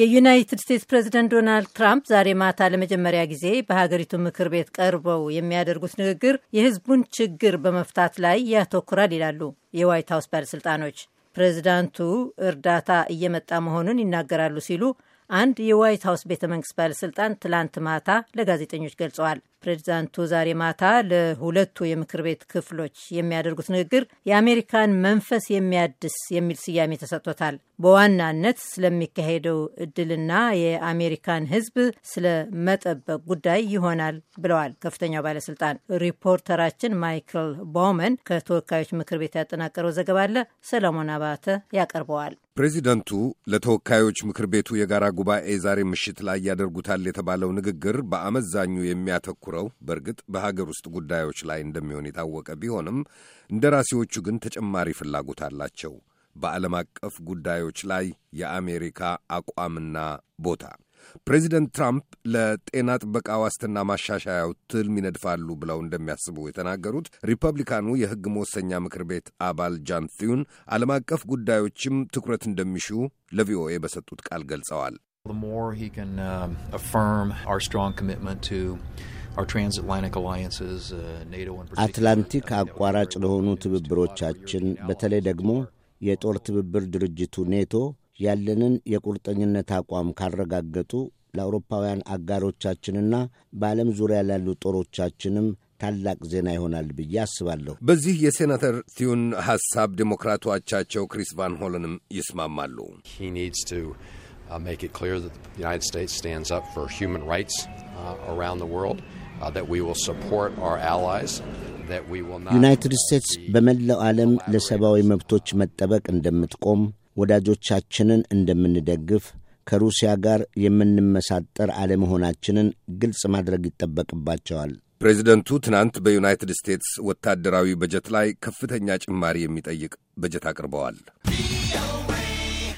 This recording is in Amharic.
የዩናይትድ ስቴትስ ፕሬዚደንት ዶናልድ ትራምፕ ዛሬ ማታ ለመጀመሪያ ጊዜ በሀገሪቱ ምክር ቤት ቀርበው የሚያደርጉት ንግግር የሕዝቡን ችግር በመፍታት ላይ ያተኩራል ይላሉ የዋይት ሀውስ ባለሥልጣኖች። ፕሬዚዳንቱ እርዳታ እየመጣ መሆኑን ይናገራሉ ሲሉ አንድ የዋይት ሀውስ ቤተ መንግስት ባለሥልጣን ትላንት ማታ ለጋዜጠኞች ገልጸዋል። ፕሬዚዳንቱ ዛሬ ማታ ለሁለቱ የምክር ቤት ክፍሎች የሚያደርጉት ንግግር የአሜሪካን መንፈስ የሚያድስ የሚል ስያሜ ተሰጥቶታል። በዋናነት ስለሚካሄደው እድልና የአሜሪካን ሕዝብ ስለመጠበቅ ጉዳይ ይሆናል ብለዋል ከፍተኛው ባለስልጣን። ሪፖርተራችን ማይክል ባውመን ከተወካዮች ምክር ቤት ያጠናቀረው ዘገባ አለ። ሰለሞን አባተ ያቀርበዋል። ፕሬዚደንቱ ለተወካዮች ምክር ቤቱ የጋራ ጉባኤ ዛሬ ምሽት ላይ ያደርጉታል የተባለው ንግግር በአመዛኙ የሚያተኩረው በእርግጥ በሀገር ውስጥ ጉዳዮች ላይ እንደሚሆን የታወቀ ቢሆንም እንደራሴዎቹ ግን ተጨማሪ ፍላጎት አላቸው። በዓለም አቀፍ ጉዳዮች ላይ የአሜሪካ አቋምና ቦታ ፕሬዚደንት ትራምፕ ለጤና ጥበቃ ዋስትና ማሻሻያው ትልም ይነድፋሉ ብለው እንደሚያስቡ የተናገሩት ሪፐብሊካኑ የሕግ መወሰኛ ምክር ቤት አባል ጃን ቲዩን ዓለም አቀፍ ጉዳዮችም ትኩረት እንደሚሹ ለቪኦኤ በሰጡት ቃል ገልጸዋል። uh, uh, አትላንቲክ አቋራጭ ለሆኑ ትብብሮቻችን በተለይ ደግሞ የጦር ትብብር ድርጅቱ ኔቶ ያለንን የቁርጠኝነት አቋም ካረጋገጡ ለአውሮፓውያን አጋሮቻችንና በዓለም ዙሪያ ላሉ ጦሮቻችንም ታላቅ ዜና ይሆናል ብዬ አስባለሁ። በዚህ የሴናተር ቲዩን ሐሳብ ዴሞክራቶቻቸው ክሪስ ቫን ሆለንም ይስማማሉ። ዩናይትድ ስቴትስ uh, uh, uh, በመላው ዓለም ለሰብአዊ መብቶች መጠበቅ እንደምትቆም ወዳጆቻችንን እንደምንደግፍ ከሩሲያ ጋር የምንመሳጠር አለመሆናችንን ግልጽ ማድረግ ይጠበቅባቸዋል። ፕሬዚደንቱ ትናንት በዩናይትድ ስቴትስ ወታደራዊ በጀት ላይ ከፍተኛ ጭማሪ የሚጠይቅ በጀት አቅርበዋል።